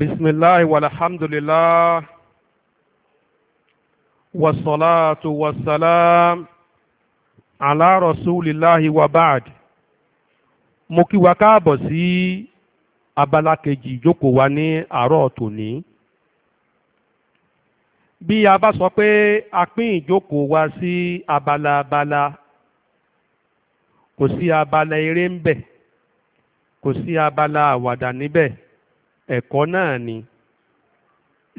بسم الله والحمد لله والصلاة والسلام على رسول الله وبعد mo kí wa káàbọ̀ sí abala kejì ìjókòó wa ní àárọ̀ tòní bí a bá sọ pé a pín ìjókòó wa sí abala abala kò sí abala eré ń bẹ̀ kò sí abala àwàdà níbẹ̀ ẹ̀kọ́ náà ni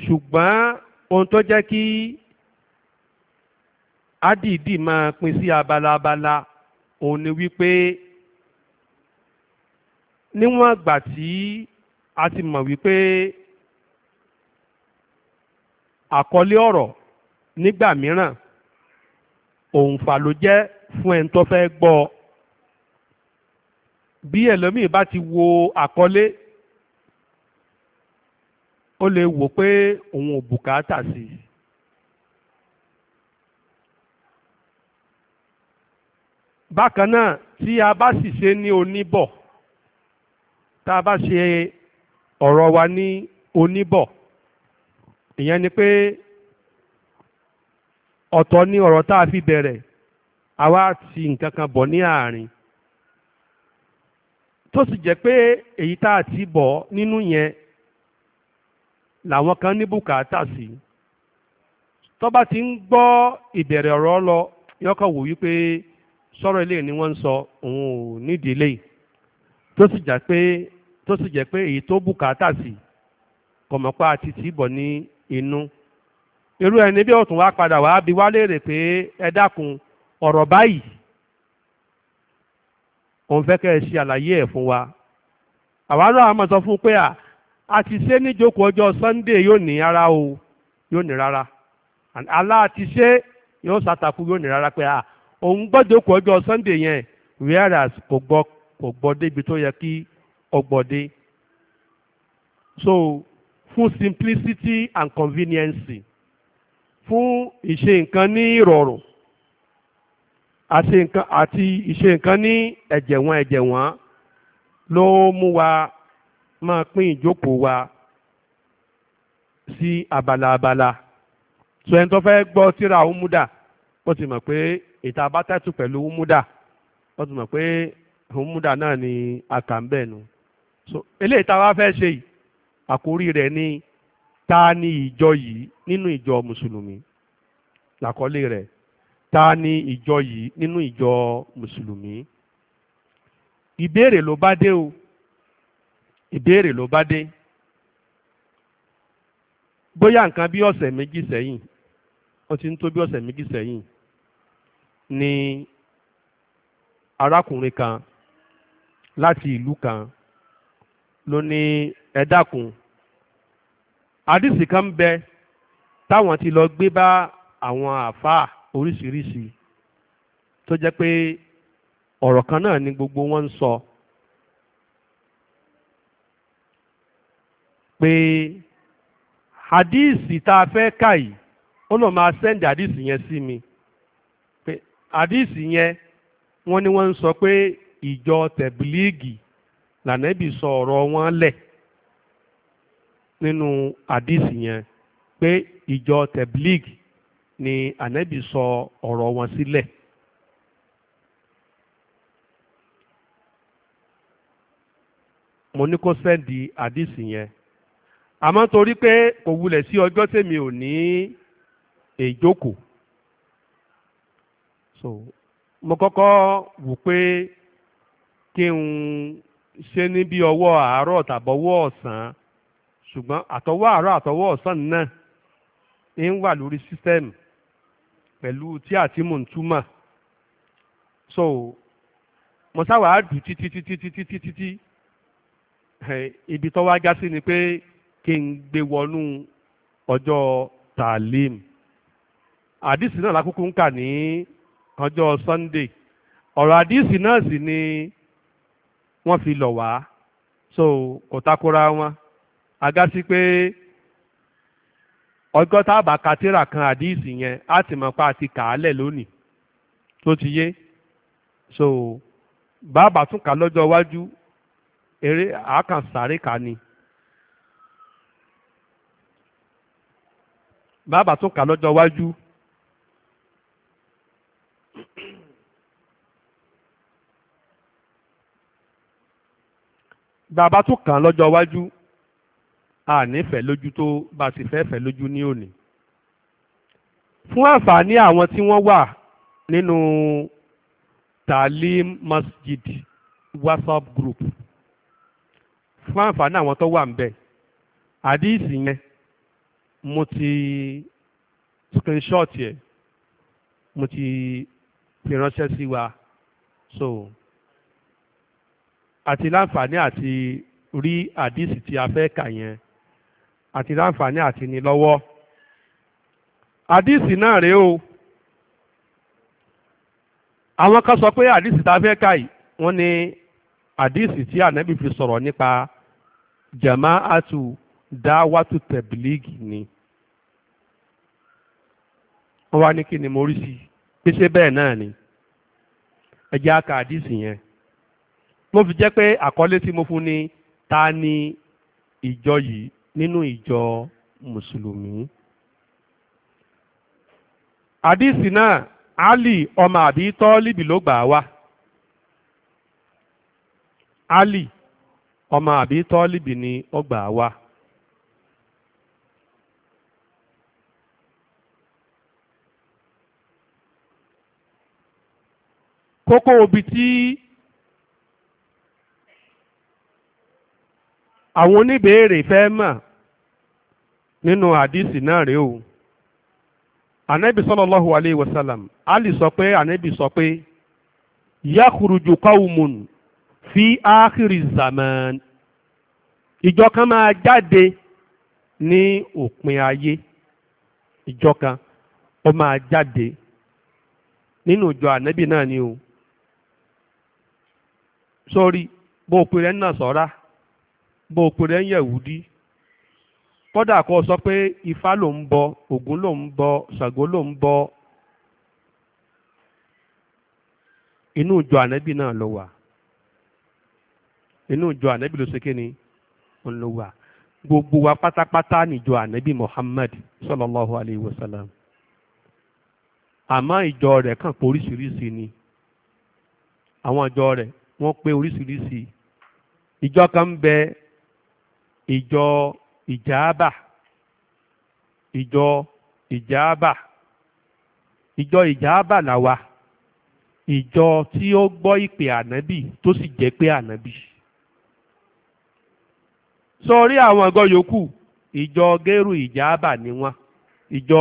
ṣùgbọ́n ohun tó jẹ́ kí ádìdì máa pín sí abalabala òun ni wípé níwọ̀n àgbà tí a ti mọ̀ wípé àkọlé ọ̀rọ̀ nígbà mìíràn òǹfà ló jẹ́ fún ẹni tó fẹ́ gbọ́ bí ẹlòmíì bá ti wo àkọlé ó lè wò pé òun ò bùkátà sí i. bákan náà tí a bá sì ṣe ní oníbọ̀ tá a bá ṣe ọ̀rọ̀ wa ní oníbọ̀ ìyẹn ni pé ọ̀tọ̀ ni ọ̀rọ̀ tá a fi bẹ̀rẹ̀ àwa ti nǹkan kan bọ̀ ní àárín tó sì jẹ́ pé èyí tá a ti bọ̀ nínú yẹn làwọn kan ní bùkátà sí tó bá ti ń gbọ́ ìbẹ̀rẹ̀ ọ̀rọ̀ lọ yọkọ̀ wò wípé sọ̀rọ̀ ilé ni wọ́n ń sọ òun ò nídìí ilé tó sì jẹ́ pé tó sì jẹ́ pé èyí tó bùkátà sí kọ̀mọ̀pá àti tìbọ̀ ní inú irú ẹni bí òtún wá padà wá bí wá léèrè pé ẹ dákun ọ̀rọ̀ báyìí òun fẹ́ kẹ́ ẹ ṣe àlàyé ẹ̀ fún wa àwa náà a máa sọ fún pé à àti ṣe níjókòó ọjọ́ Sunday yóò ní rárá o yóò ní rárá aláàtí ṣe yóò ṣàtàkù yóò ní rárá pé à ah, òun gbọ́dọ̀ kó ọjọ́ Sunday yẹn whereas kò gbọ́ kò gbọ́ débi tó yẹ kí ọgbọ̀dé so fún simplicity and convenience fún ìṣe nǹkan ní ìrọ̀rùn àti ìṣe nǹkan ní ẹ̀jẹ̀wọ̀n ẹ̀jẹ̀wọ̀n ló mú wa Ma pín ìjókòó wa sí abala abala so ẹni tó fẹ́ gbọ́ tíra umuda ó ti mọ̀ pé ìta abátẹ́tù pẹ̀lú umuda ó ti mọ̀ pé umuda náà ni nu. so eléyìí tá a wá fẹ́ ṣe yìí àkórí rẹ̀ ni ta ni ìjọ yìí nínú ìjọ mùsùlùmí làkọ́lé rẹ̀ ta ni ìjọ yìí nínú ìjọ mùsùlùmí ìbéèrè ló bá dé o. ìbéèrè ló bá dé bóyá nǹkan bí ọ̀sẹ̀ méjì sẹ́yìn ó ti ń tó bí ọ̀sẹ̀ méjì sẹ́yìn ni arákùnrin kan láti ìlú kan ló ní ẹ dákun àdìsí kan ń bẹ táwọn ti lọ gbé bá àwọn àáfàá oríṣiríṣi tó jẹ́ pé ọ̀rọ̀ kan náà ni gbogbo wọn ń sọ. So pé hadíìsì tá a fẹ́ kà yìí ó lọ máa si yẹn sí mi pé hadíìsì yẹn wọ́n ní wọ́n ń sọ pé ìjọ tẹ̀bílíìgì lànàbì sọ ọ̀rọ̀ wọn lẹ̀ nínú yẹn pé ìjọ tẹ̀bílíìgì ni ànàbì sọ ọ̀rọ̀ wọn sílẹ̀. mo ní kó sẹ́ndì yẹn àmọ́ torí pé kò wulẹ̀ sí ọjọ́ tèmi ò ní èjókòó so mo kọ́kọ́ wò pé kí n ṣe ní bí ọwọ́ àárọ̀ tàbọ̀wọ́ ọ̀sán ṣùgbọ́n àtọwọ́ àárọ̀ àtọwọ́ ọ̀sán náà ń wà lórí sísẹ́ẹ̀mù pẹ̀lú tí àti mò ń túmọ̀ so mo sáwàá dù títí títí títí títí ibi tó wá já sí ni pé kí n gbé wọnú ọjọ́ tàlim àdìsí náà lákòókò ń kà ní ọjọ́ Sunday ọ̀rọ̀ àdìsí náà sì ni wọ́n fi lọ̀ wá so kò takora wọn aga sí pé ọjọ́ tá a bá ka tírà kan àdìsí yẹn á ti mọ̀ pé a ti lónìí tó ti yé so bàbá tún kà lọ́jọ́ iwájú eré àákànsáré kà ni. bàbá tún kà lọ́jọ́ iwájú. bàbá tún kàn lọ́jọ́ iwájú a nífẹ̀ẹ́ lójú tó bá ti fẹ́ fẹ́ lójú ní òní. fún àǹfààní àwọn tí wọ́n wà nínú talim masjid whatsapp group fún àǹfààní àwọn tó wà ń bẹ̀ àdíìsì yẹn mo ti screenshot yẹ mo ti fi ránṣẹ́ sí wa so àti láǹfààní àti rí àdísì tí a fẹ́ kà yẹn àti láǹfààní àti ní lọ́wọ́ àdísì náà rèé o àwọn kan sọ pé àdísì tá a fẹ́ kà yìí wọ́n ní àdísì tí ànábì fi sọ̀rọ̀ nípa jamaatu dáwàtú tẹ̀bílíìgì ni. wọ́n wá ní kí ni mo sí pé bẹ́ẹ̀ náà ni ẹ̀jẹ̀ aka àdìsí yẹn mo fi jẹ́ pé àkọlé tí mo fún ni ta ni ìjọ yìí nínú ìjọ mùsùlùmí àdìsí náà Ali ọmọ àbí tọ́líbì ló gbà wá Ali ọmọ àbí tọ́líbì ni ó gbà wá. kókó ibi tí àwọn oníbèèrè fẹ́ mọ̀ nínú àdìsí náà rèé o anabi sallallahu alayhi wa sallam ali sọ pé anabi sọ pé yakuruju kawumun fi ákìrì zaman ìjọ kan máa jáde ní òpin ayé ìjọ kan ó máa jáde nínú ìjọ anabi náà ni o sori bụ o nna rẹ̀ bụ nà sọ́ra bó o pè rẹ̀ ń yẹ̀wùdí kódà kó o sọ pé ifá lo ń bọ ògún ló ń bọ ṣàngó ló ń bọ inú ìjọ ànẹ́bì náà ló wà inú ìjọ ànẹ́bì ló ṣe kí ni ó ló gbogbo wa pátápátá níjọ ànẹ́bì Muhammad sallallahu alaihi wa sallam àmọ́ ìjọ re kàn pé oríṣiríṣi ni awon ìjọ re wọ́n pé oríṣiríṣi ìjọ kan ń bẹ ìjọ ìjàábà ìjọ ìjàábà ìjọ ìjàábà làwa ìjọ tí ó gbọ́ ìpè ànábì tó sì jẹ́ pé ànábì sọrí àwọn ọgọ́ yòókù ìjọ gẹ́rù ìjàábà ni wọ́n ìjọ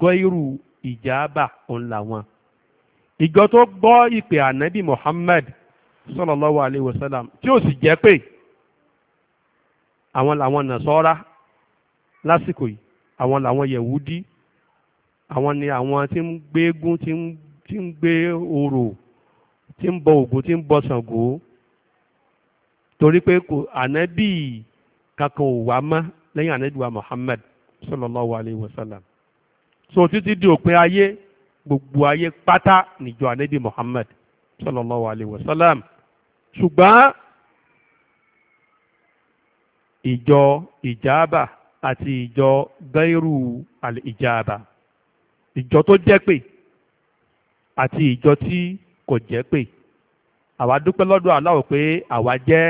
gẹ́rù ìjàábà òun làwọn ìjọ tó gbọ́ ìpè ànábì Muhammad sallallahu alaihi wasallam tí ó sì jẹ́ pé àwọn làwọn nàṣọ́ra lásìkò yìí àwọn làwọn yẹ̀wúdí àwọn ni àwọn tí ń gbé eégún tí ń gbé orò tí ń bọ Ògún tí ń bọ Ṣàngó torí pé kò ànábì kankan ò wá mọ́ lẹ́yìn ànábì wa Muhammad sallallahu alaihi wasallam so títí di òpin ayé gbogbo ayé pátá níjọ ànábì Muhammad sallallahu alaihi wasallam ṣùgbọ́n ìjọ ìjábà àti ìjọ gairu al-ìjábà ìjọ tó jẹ́ pé àti ìjọ tí kò jẹ́ pé àwa dúpẹ́ lọ́dọ̀ Allah pé àwa jẹ́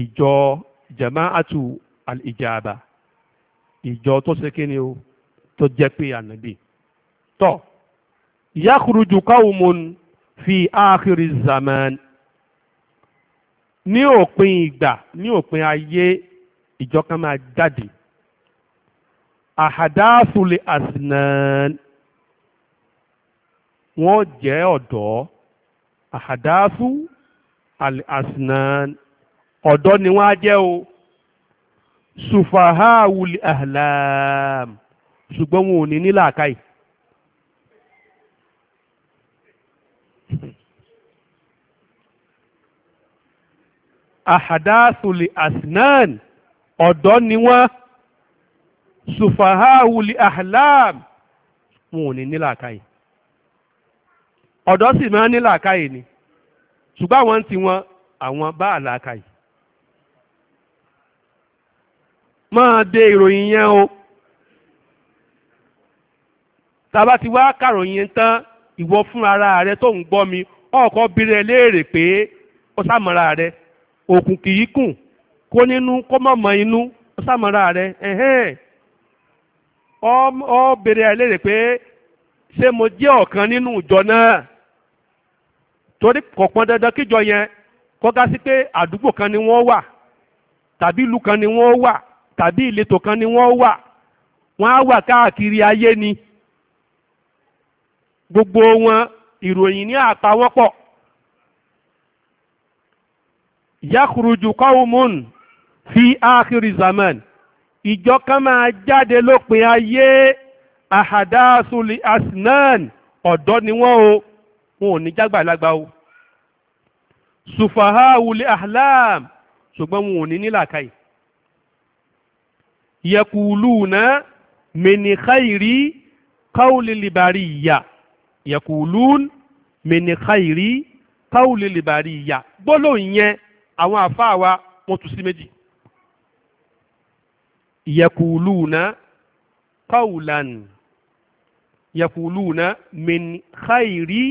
ìjọ jama'atu al-ìjábà ìjọ tó ṣe kí ni o tó jẹ́ pé ànábì tọ́ yakhruju qawmun fi áàkiri zaman ní òpin ìgbà ní òpin ayé ìjọ kan máa jáde àhàdáàfùlẹ̀ àsìnàn wọ́n jẹ́ ọ̀dọ́ àhàdáàfù àsìnàn ọ̀dọ́ ni wọ́n á jẹ́ o sùfàháàwùlẹ̀ àhàlàm ṣùgbọ́n wọn ò ní ní làákàyè. àhàdáàsùlì asnan ọ̀dọ́ ni wọ́n sùfàháwùlì ahlam wọn ò ní nílàákàyè ọ̀dọ́ sì máa nílàákàyè ni ṣùgbọ́n àwọn tí wọn àwọn bá àlàákàyè máa de ìròyìn yẹn o tàbá ti wá kàròyìn tán ìwọ fún rẹ tó ń gbọ́ mi ọkọ̀ bí rẹ léèrè pé ó sàmọ́ra rẹ. òkùn kì í kùn kó nínú kó mọ̀ mọ́ inú sàmọ́ra rẹ̀ ẹ̀hẹ́n ọ béèrè àìlérè pé ṣé mo jẹ́ ọ̀kan nínú ìjọ náà torí kò pọn dandan kíjọ yẹn kọ́gá sí pé àdúgbò kan ni wọ́n wà tàbí ìlú kan ni wọ́n wà tàbí ìletò kan ni wọ́n wà wọ́n á wà káàkiri ayé ni gbogbo wọn ìròyìn ní àpawọ́pọ̀ yakurujú kọ́wùmùn fi ákìrì zaman ìjọ kan máa jáde lópin ayé àhàdásùlì asnan ọ̀dọ́ ni wọ́n o wọn ò ní jágbàlagbà o sùfàháwùlì ahlam ṣùgbọ́n wọn ò ní nílàkàyè yẹkùlùnà mẹnìkàìrí káwùlìlìbàrí ìyà yẹkùlùn mẹnìkàìrí káwùlìlìbàrí ìyà gbólóhùn yẹn àwọn àfáà wa wọ́n tú sí méjì yakuluna qawlan yakuluna min khayri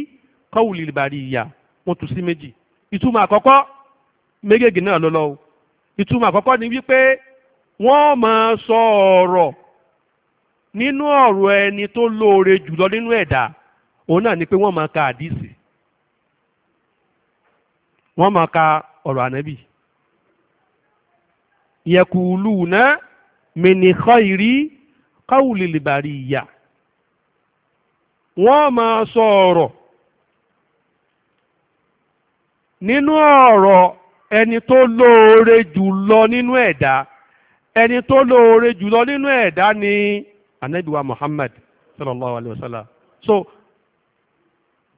qawli al-bariyya wọ́n tú sí méjì ìtumọ̀ àkọ́kọ́ méjèèjì náà lọ́lọ́ o ìtumọ̀ àkọ́kọ́ ni wípé wọ́n máa sọ ọ̀rọ̀ nínú ọ̀rọ̀ ẹni tó lóore jùlọ nínú ẹ̀dá òun náà ni pé wọ́n máa ka àdìsí wọ́n máa ka ọ̀rọ̀ ànábì yẹkùlùnà mìnìkọ́ ìrí káwùlìlìbàrí ìyà wọ́n máa sọ ọ̀rọ̀ nínú ọ̀rọ̀ ẹni tó lóore jùlọ nínú ẹ̀dá ẹni tó lóore jùlọ nínú ẹ̀dá ni anabiwa Muhammad sallallahu alayhi wa sallam so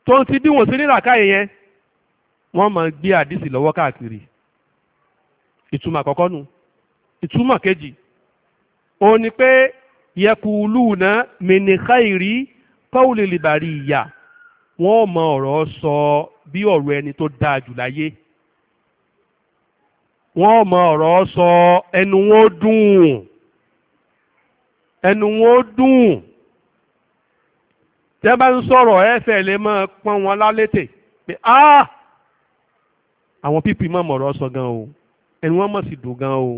tó ń ti bí wọ́n sí nílàkàyè yẹn wọ́n máa gbé àdìsí lọ́wọ́ káàkiri ìtumọ̀ àkọ́kọ́ nu ìtumọ̀ kejì ó ní pé yẹkùlùnà mìnìkáìrí kọ́wùlì lìbàrí ìyà wọ́n mọ ọ̀rọ̀ sọ bí ọ̀rọ̀ ẹni tó dáa jù láyé wọ́n mọ ọ̀rọ̀ sọ ẹnu wọn dùn ẹnu wọn dùn tẹ́ bá ń sọ̀rọ̀ ẹ̀fẹ̀ lè máa pọ́n wọn lálétè pé áà. Ah, àwọn pípì mọ̀ mọ̀rọ̀ sọ gan o ẹnu wọn mọ̀ sí dùn gan o.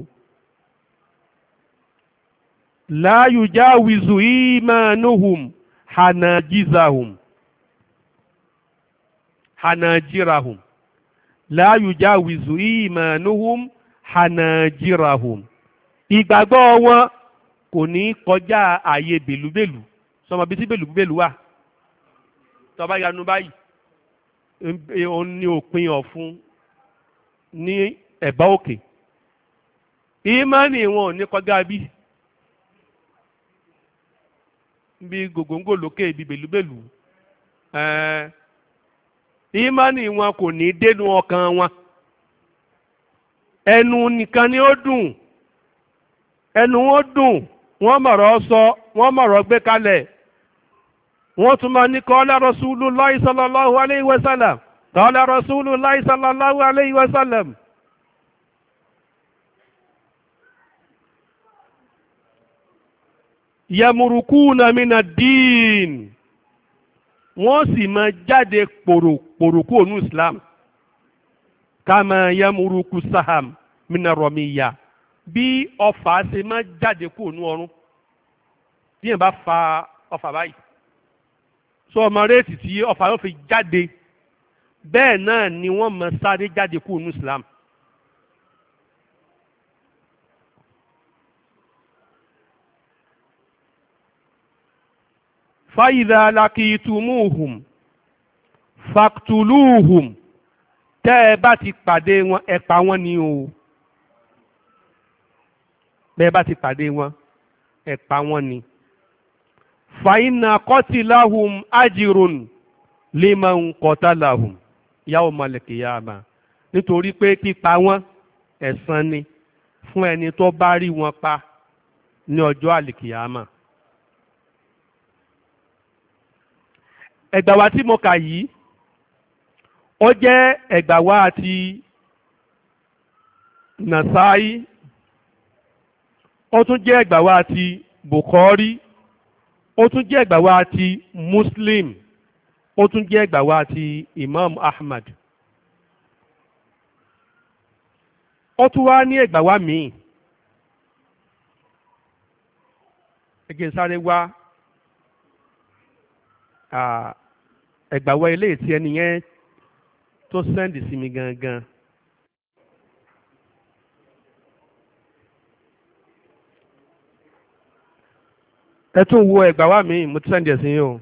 láàyò já wìzù ìmánuhùm hànàjìzàhùm hànàjìràhùm láàyò já wìzù ìmánuhùm hànàjìràhùm ìgbàgbọ́ wọn kò ní kọjá ààyè bèlúbèlú sọmọ bíi tí bèlúbèlú wà tọba yanu báyìí òun ni òpin ọ̀fun ní ẹ̀bá òkè ìmánì wọn ò ní kọjá bí bí gògóńgò lókè bí bèlúbèlú ìmánì wọn kò ní dénú ọkàn wọn ẹnu nìkan ni ó dùn ẹnu wọn dùn wọn mọ̀rọ̀ sọ kalẹ mọ̀rọ̀ gbé kalẹ̀ wọ́n tún máa ní kọ́ lára Rasulullahi sallallahu alaihi wasallam قال رسول الله صلى الله عليه وسلم yẹmurukúna mina dín wọ́n sì máa jáde pòròpòròkú ònú islam kàmá yẹmuruku saham mina rọmiya bí ọfà ṣe máa jáde kú ònú ọrùn bí yẹn bá fa ọfà báyìí sọ ọmọ réètì tí ọfà yóò fi jáde bẹ́ẹ̀ náà ni wọ́n mọ sáré jáde kúrò ní Islam. fáyidà lakitumuhum faktuluhum tẹ́ ẹ bá ti pàdé wọn ẹ pa wọ́n ni o bẹ́ ẹ bá ti pàdé wọn ẹ pa wọ́n ni. fàyínà kọ́tìláhùn ájírun lè máa ń kọ́tàláhùn yàwó malẹ̀kìyàmà nítorí pé pípa wọn ẹ̀san ni fún ẹni tó bá rí wọn pa ní ọjọ́ àlìkìyàmà. ẹ̀gbà wa tí mo kà yìí ó jẹ́ ẹ̀gbà wa àti Nàsáì ó tún jẹ́ ẹ̀gbà wa àti Bukhari ó tún jẹ́ ẹ̀gbà wa àti Muslim ó tún jẹ́ ẹgbà ti Imam Ahmad ó tún wá ní ẹgbà wa míì ẹgbẹ́ sáré wá ẹgbà wa ilé tí ẹni yẹn tó sẹ́ndì sí mi gangan. ẹ tún wo ẹgbà wa mo ti sẹ́ndì ẹ̀ sí yín o.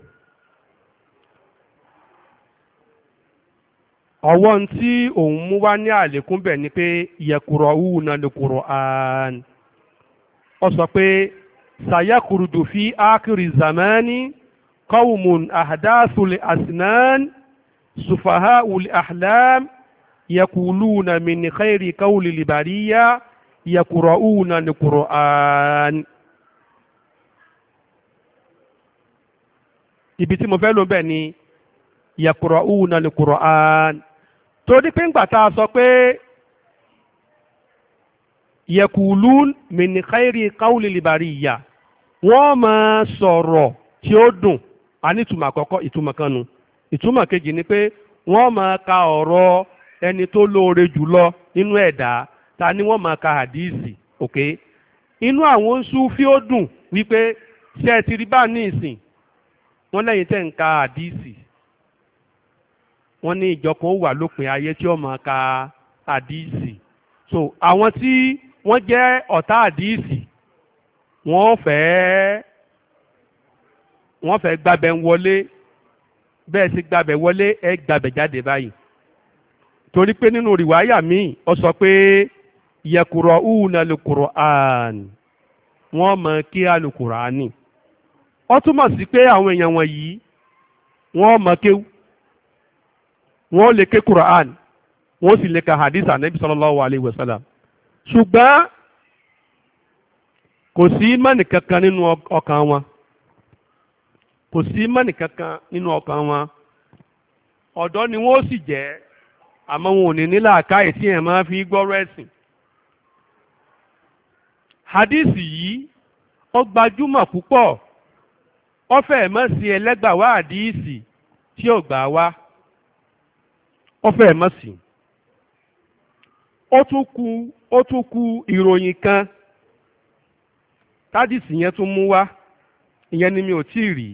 ọwọ́ n tí òun mú wá ní àlékún bẹ̀ ni pé yẹkùrọ̀ wù náà lè kùrọ̀ àn ọ sọ pé sàyẹkùrùdù fi ákìrì zamani kọ́wùmùn àdáṣùlẹ̀ àsìnán sùfàhà wùlẹ̀ àhlám yẹkùlùnà mìnìkẹ́rì kọ́wùlì lìbàríyà yẹkùrọ̀ wù náà lè kùrọ̀ àn. ibi tí mo fẹ́ lò bẹ́ẹ̀ ni yẹkùrọ̀ wù náà lè kùrọ̀ àn. torí pé ńgbà tá a sọ pé yẹkùlú mìnìkáìrì káwùlì lìbàrí ìyà wọ́n máa sọrọ tí ó dùn a ní ìtumọ̀ àkọ́kọ́ ìtumọ̀ kan nu ìtumọ̀ kejì ni pé wọ́n máa ka ọrọ ẹni tó lóore jùlọ nínú ẹ̀dá ta ni wọ́n máa ka hadisi ok inú àwọn oṣù fí ó dùn wípé ṣé ẹ ti rí bá ní ìsìn wọ́n lẹ́yìn ń ka hadisi wọ́n ní ìjọ kan ó wà lópin ayé tí ó máa ka àdíìsì so àwọn tí wọ́n jẹ́ ọ̀tá àdíìsì wọ́n fẹ́ wọ́n fẹ́ gbàbẹ̀ wọlé bẹ́ẹ̀ sì gbàbẹ̀ wọlé ẹ gbàbẹ̀ jáde báyìí torí pé nínú rìwáyà míì ó sọ pé yẹkùrọ̀ ùnà lùkùrọ̀ àánì wọ́n mọ̀ kí alùkùrọ̀ àánì ó túmọ̀ sí pé àwọn èèyàn wọ̀nyí wọ́n mọ̀ kéwù wọ́n lè ké quran wọ́n sì lè ka hadith anabi sallallahu alayhi wa sallam ṣùgbọ́n kò sí kankan nínú ọkàn wọn kò ni wọ́n sì jẹ́ àmọ́ wọn ò ní ní làákàyè fi gbọ́rọ̀ ẹ̀sìn hadith yìí ó gbajúmọ̀ púpọ̀ ó fẹ́ẹ̀ mọ́ sí ẹlẹ́gbàá wá hadith tí gbà wá. ọfẹ́ ẹ̀ mọ̀ sí. ó tún ku ó ìròyìn kan tádìsì yẹn tún mú wá ìyẹn ni mi ò tí rí.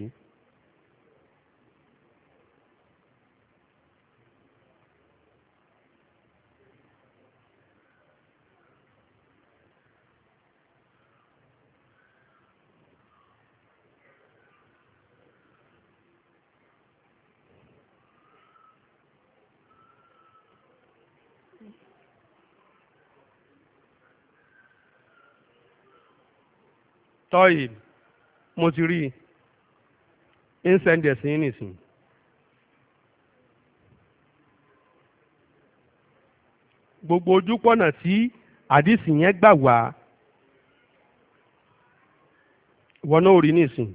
tọ́yì mo ti rí incendies yín nìsín. gbogbo ojúpọ̀nà tí àdìsí yẹn gbà wá wọnà orí nìsín.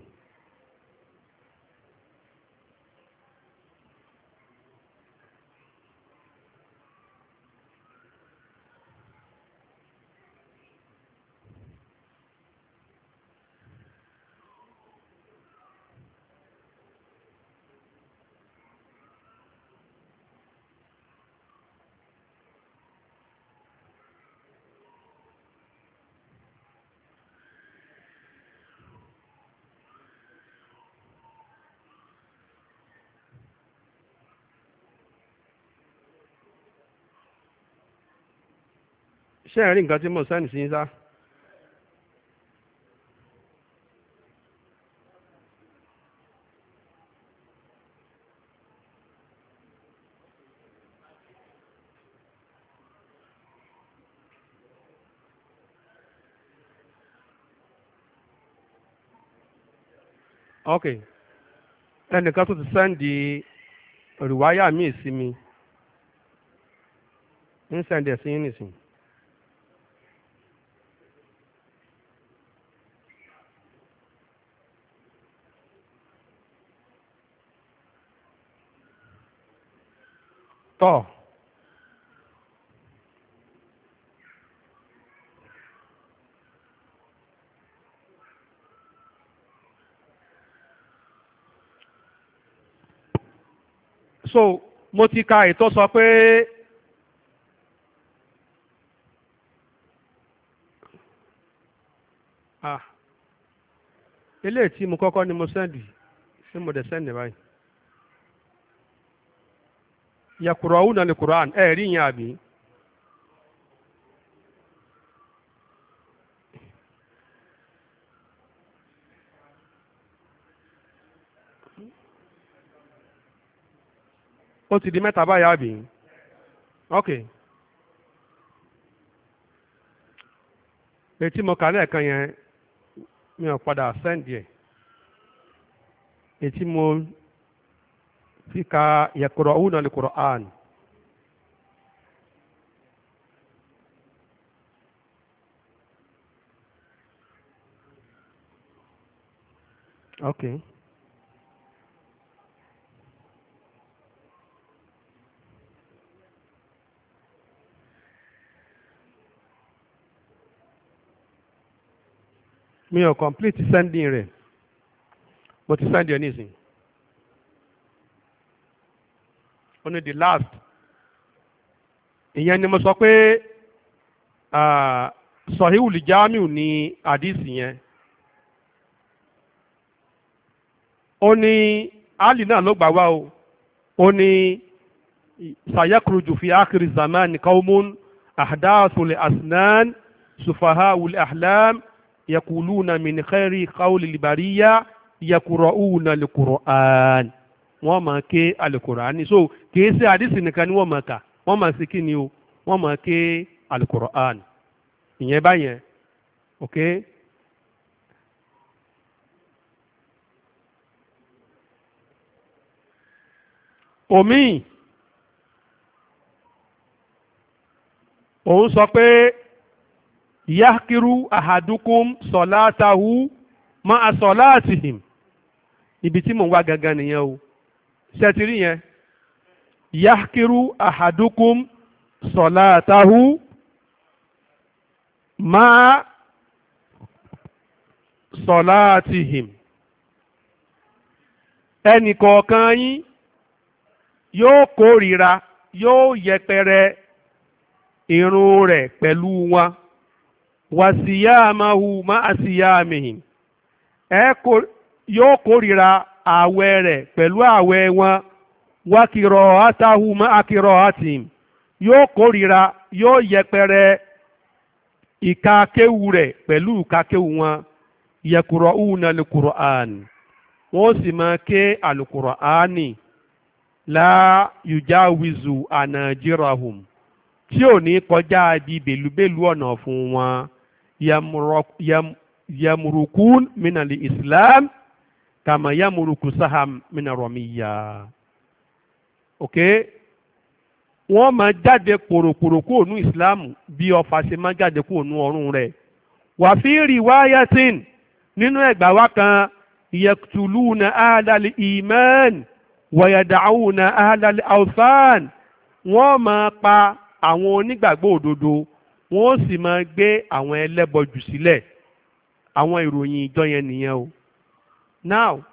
ṣé ẹ̀ rí nǹkan tí mo sẹ́ni sí sá. ok ẹnìkan tó ti sẹ́ndì rìwáyà míì sí mi ń sẹ́ndì ẹ̀ sí yín nìsín. tọ́ so mo ti ka ètò sọ pé ah eléyìí tí mo kọ́kọ́ ni mo sẹ́ndì sí mo dẹ̀ sẹ́ndì báyìí yàkùrọ̀wù náà ní Quran ẹ̀ rí yẹn àbí. ó ti di mẹ́ta báyà àbí. ok ètí mo kà lẹ́ẹ̀kan yẹn mi ò padà sẹ́ǹdì ẹ̀ ètí mo fika yakrauna alquran okay mi o complete sending rẹ̀ mo ti send your nísìnyí. ó ní the last ìyẹn ni mo sọ pé sọ̀híwù lè jámíù ní àdìsí yẹn ó ní ali náà ló gbà o ó ní sayakuruju fi akiri zaman kaumun ahdasu le asnan sufaha wuli ahlam yakuluna min khairi kawli libariya wọ́n máa ké alukur'ani so kìí ṣe àdìsí nìkan ni wọ́n máa kà wọ́n máa ṣe kí ni o wọ́n máa ké alukur'ani ìyẹn báyẹn ok. omi òun sọ pé yahkiru ahadukum sọlátahu ma asọlátihim ibi tí mò ń wá gangan nìyẹn o ṣẹtìrí yẹn yahkiru ahadukum sọláàtàhù ma sọláàtìhìm ẹnì kọ̀ọ̀kan yín yóò kórìíra yóò yẹpẹrẹ irun rẹ̀ pẹ̀lú wọn ma máa síyáàmìhìm ẹ yóò kórìíra ààwẹ̀ rẹ̀ pẹ̀lú ààwẹ̀ wọn wákìrọ̀ átàhùmá àkìrọ̀ àtìm yóò kórìíra yóò yẹpẹrẹ ìka kéwu rẹ̀ pẹ̀lú ìka kéwu wọn yẹkùrọ̀ ùnà lùkùrọ̀ àní wọ́n sì máa ké àlùkùrọ̀ àní la yujawizu anajirahum tí ò ní kọjá di bèlúbèlú ọ̀nà fún wọn yamurukun minali islam kama yamuruku saham mina rọmiya ok wọ́n máa jáde kòròkòrò kúrò ní ìsìláàmù bí ọfà ṣe máa jáde kúrò ní ọrùn rẹ̀ wàfíìrì wáyàtìn nínú ẹgbàá wa kan yẹtùlúùnà àdàlì ìmẹ́ẹ̀n wọ̀yẹ̀dàúnà àdàlì àwùsàn wọ́n máa pa àwọn onígbàgbọ́ òdodo wọ́n sì máa gbé àwọn ẹlẹ́bọ jù sílẹ̀ àwọn ìròyìn ìjọ yẹn nìyẹn o. Now